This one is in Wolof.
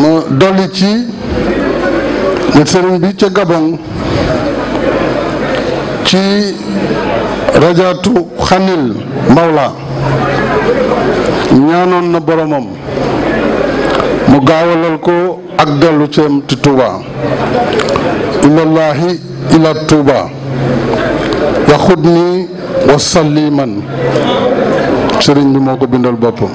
ma dolli ci ne sëriñ bi ca Gabon ci rajaatu xanil mawla ñaanoon na boromam mu gaawalal ko ak dellu ceem ci Touba ilallahi ila Touba yaxut ni wasalliman sëriñ bi moo ko bindal boppam